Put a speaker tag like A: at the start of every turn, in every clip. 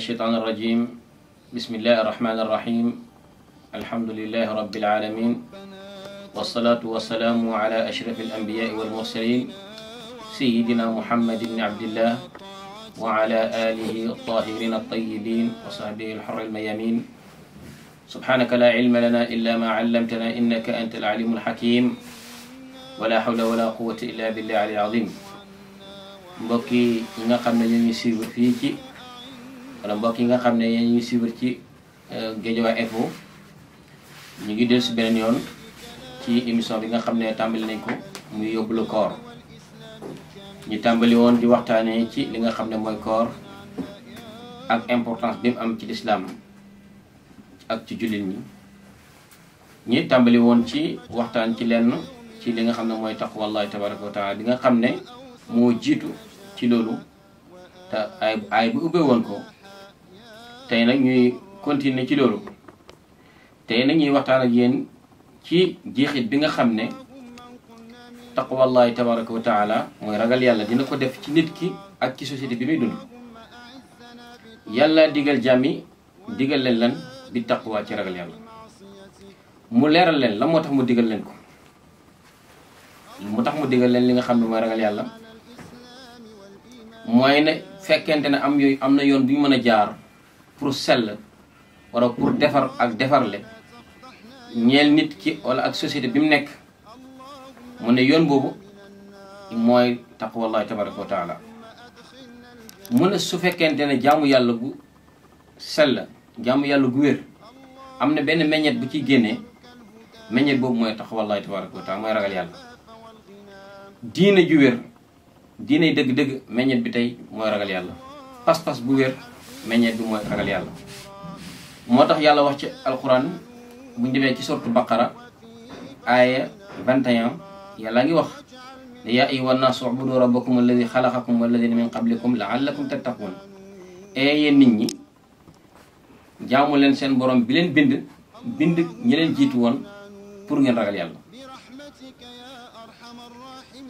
A: الشيطان الرجيم بسم الله الرحمن الرحيم الحمد لله رب العالمين والصلاة والسلام على أشرف الأنبياء والمرسلين سيدنا محمد بن عبد الله وعلى آله الطاهرين الطيبين وصحبه الحر الميامين سبحانك لا علم لنا إلا ما علمتنا إنك أنت العليم الحكيم ولا حول ولا قوة إلا بالله العظيم بكي نقم نجمي سيبر فيكي wala mbokk yi nga xam ne yéen ñu suivre ci euh, Guédiawaye Info ñu ngi dellu si yoon ci émission bi nga xam ne nañ ko muy yóbbulu koor ñu tàmbali woon di waxtaanee ci li nga xam ne mooy koor ak importance bi mu am ci lislaam ak ci jullit ñi ñi tàmbali woon ci waxtaan ci lenn ci li nga xam ne mooy Allah tabaraka wa taala bi nga xam ne moo jiitu ci loolu te ay ay bu ubbee woon ko tey nag ñuy continuer ci loolu tey nag ñuy waxtaan a yéen ci jeexit bi nga xam ne taqwallahi tabaraka wa taala mooy ragal yàlla dina ko def ci nit ki ak ci société bi muy dund yàlla digal jàmmi digal leen lan bi taqwa ci ragal yàlla mu leeral leen la moo tax mu digal leen ko mu tax mu digal leen li nga xam ne mooy ragal yàlla mooy ne fekkente ne am yooyu am na yoon bi ñu mën a jaar pour sell wala pour defar ak defarle ñeel nit ki wala ak société bi mu nekk mu ne yoon boobu mooy taqwallahi tabaraka wa mu ne su fekkente ne jaamu yàlla gu sell jàmm yàlla gu wér am na benn meññet bu ciy génnee meññet boobu mooy taqwallahi tabaraka wa taala mooy ragal yàlla diine ju wér diine dëgg-dëgg meññet bi tey mooy ragal yàlla pas-pas bu wér meññeet bi mooy ragal yàlla moo tax yàlla wax ci alquran buñ demee ci sortu baqara aaya 21 yàlla ngi wax ne yaa ayyuha nnaas ubudu rabbakum alladi xalaqakum walladina min qablikum laallakum tattaqun ee yéen nit ñi jaamu leen seen boroom bi leen bind bind ñi leen jiitu woon pour ngeen ragal yàlla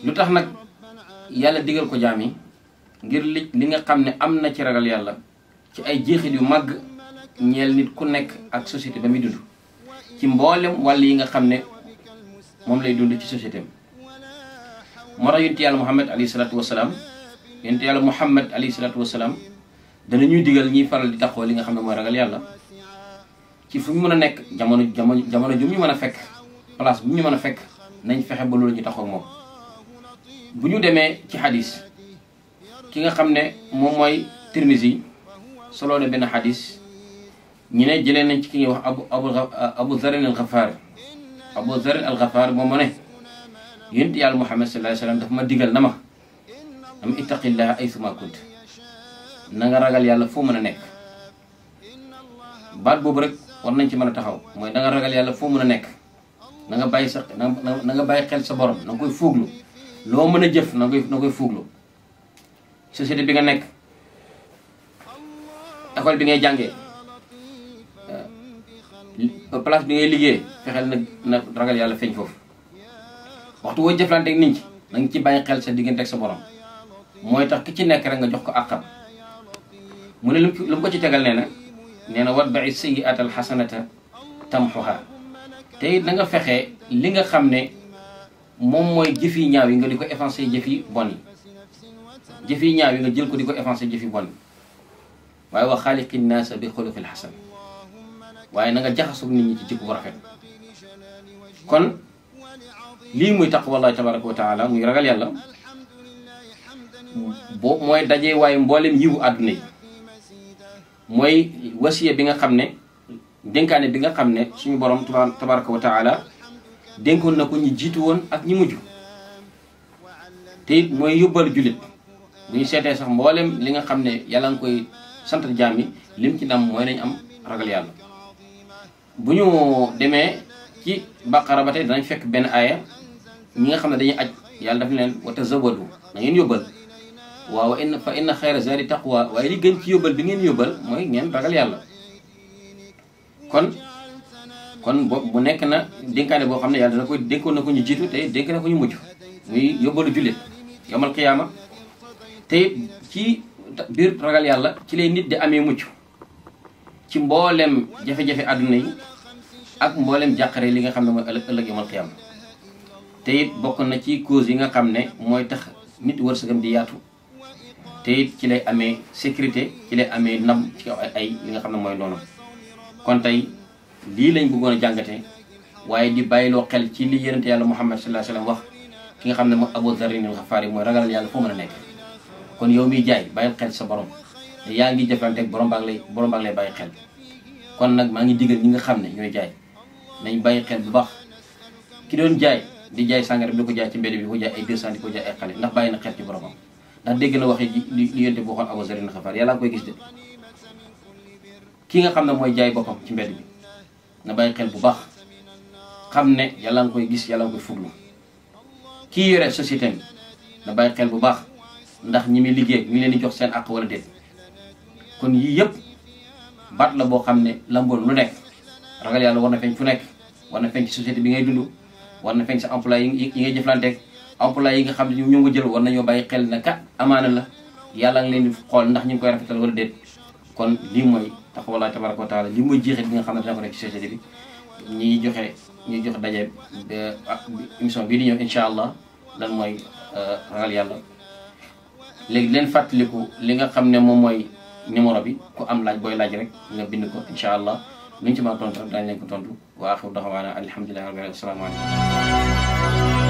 A: lu tax nag yàlla diggal ko jaam yi ngir li li nga xam ne am na ci ragal yàlla ci ay jeexit yu mag ñeel nit ku nekk ak société ba muy dund ci mboolem wàll yi nga xam ne moom lay dund ci société am moo tax yonte yàlla muhammad alayhi salatu wasalaam yonte yàlla muhammad alayhi salatu wasalaam dana digal ñuy faral di taxoo li nga xam ne mooy ragal yàlla ci fu ñu mën a nekk jamono jamono jamono ju ñu mën a fekk place bu ñu mën a fekk nañ fexe ba loolu ñu taxoo moom bu ñu demee ci ki nga xam ne moom mooy soloo na benn xadis ñu ne jëlee nañ ci ki ñuy wax abu abu abu zarin al xafaar abu zarin al xafaar moom mu ne yonent yàlla muhammad sallallahu alayhi wa sallam daf ma digal na ma am ittaqillaha ay suma kunt na nga ragal yàlla foo mën a nekk baat boobu rek war nañ ci mën a taxaw mooy na nga ragal yàlla foo mën a nekk na nga bàyyi na nga bàyyi xel sa borom na koy fuuglu loo mën a jëf na nga koy na nga koy bi nga nekk école bi ngay jàngee place bi ngay liggéey fexeel nag na ragal yàlla feeñ foofu waxtu woo jëflanteeg nit ñi na nga ci bàyyi xel sa diggante ak sa borom mooy tax ki ci nekk rek nga jox ko àqam mu ne lu lu mu ko ci tegal nee na nee na watba'i hasanata tamhuha te na nga fexe li nga xam ne moom mooy ñaaw yi nga di ko effacé bon ñaaw yi nga jël ko bon waaye wa xaaliqi naasa bi xuluqil xasan waaye na nga jaxasoog nit ñi ci jikko bu rafet kon lii muy taqwallahi tabaraka wa taala muy ragal yàlla boo mooy dajee waaye mboolem yiwu àdduna yi mooy wasiya bi nga xam ne dénkaane bi nga xam ne suñu borom tabaraka wa taala dénkoon na ko ñi jiitu woon ak ñi mujj te it mooy yóbbal jullit bu ñu seetee sax mboolem li nga xam yàlla nga santal jaam yi lim ci nam mooy nañ am ragal yàlla bu ñu demee ci baqara ba tey danañ fekk benn aaya ñi nga xam ne dañuy aj yàlla daf leen wa tazawwadu na ngeen yóbbal waaw wa in fa inna xayra zaadi taqwa waaye li gën ci yóbbal bi ngeen yóbbal mooy ngeen ragal yàlla kon kon bo bu nekk na dénkaane boo xam ne yàlla dana koy dénkoon na ko ñu jiitu te dénk na ko ñu mujj muy yóbbalu jullit yomal qiyaama te ci biir ragal yàlla ci lay nit di amee mucc ci mboolem jafe-jafe àdduna yi ak mboolem jàqare li nga xam ne mooy ëllëg ëllëg yomal xiyaam te it bokk na ci cause yi nga xam ne mooy tax nit wërsëgam di yaatu te ci lay amee sécurité ci lay amee nam ci ay li nga xam ne mooy loolu kon tey lii lañ bëggoon a jàngate waaye di bàyyiloo xel ci li yonente yàlla Muhammad sallallahu alayhi wa sallam wax ki nga xam ne moom Abu Dharr al-Ghifari mooy ragalal yàlla foo mën a nekk kon yow miy jaay bay xel sa borom yaa ngi jëflanteeg borom baa ngi lay borom baa bàyyi xel kon nag maa ngi digal ñi nga xam ne ñooy jaay nañ bàyyi xel bu baax ki doon jaay di jaay sàngara bi ko ci mbedd bi ko jaay ay 200 ko jaay ay xale ndax bàyyi na xel ci boromam ndax dégg na waxee li yonte boo xoon Abu Zarin Xafaar gis de nga xam ne mooy jaay boppam ci mbedd bi na bàyyi xel bu baax xam ne yàlla nga koy gis yàlla nga koy fuglu kii yore société bi na bàyyi xel bu baax ndax ñi muy liggéey mi ngi leen di jox seen àq wala déet kon yii yëpp baat la boo xam ne lamboon lu nekk ragal yàlla war na feeñ fu nekk war na feeñ ci société bi ngay dund war na feeñ ci emploi yi ngay jëflanteeg emploi yi nga xam ne ñoo nga jël war nañoo bàyyi xel ne kat amaana la yàlla ngi leen di xool ndax ñu ngi koy rafetal wala déet kon lii mooy taxawalaa tabaraka wa taala lii mooy jeexit nga xam ne dina ko nekk ci société bi ñi joxe ñi jox daje ah, émission bii di ñëw incha allah lan mooy euh, ragal yàlla léegi leen fàttaliku li nga xam ne moom mooy numéro bi ku am laaj booy laaj rek nga bind ko incha allah luñ ci mën a tontu rek daañu leen ko tontu wa axiru daxawaana alhamdulillahi rabbil aalamiin asalaamaaleykum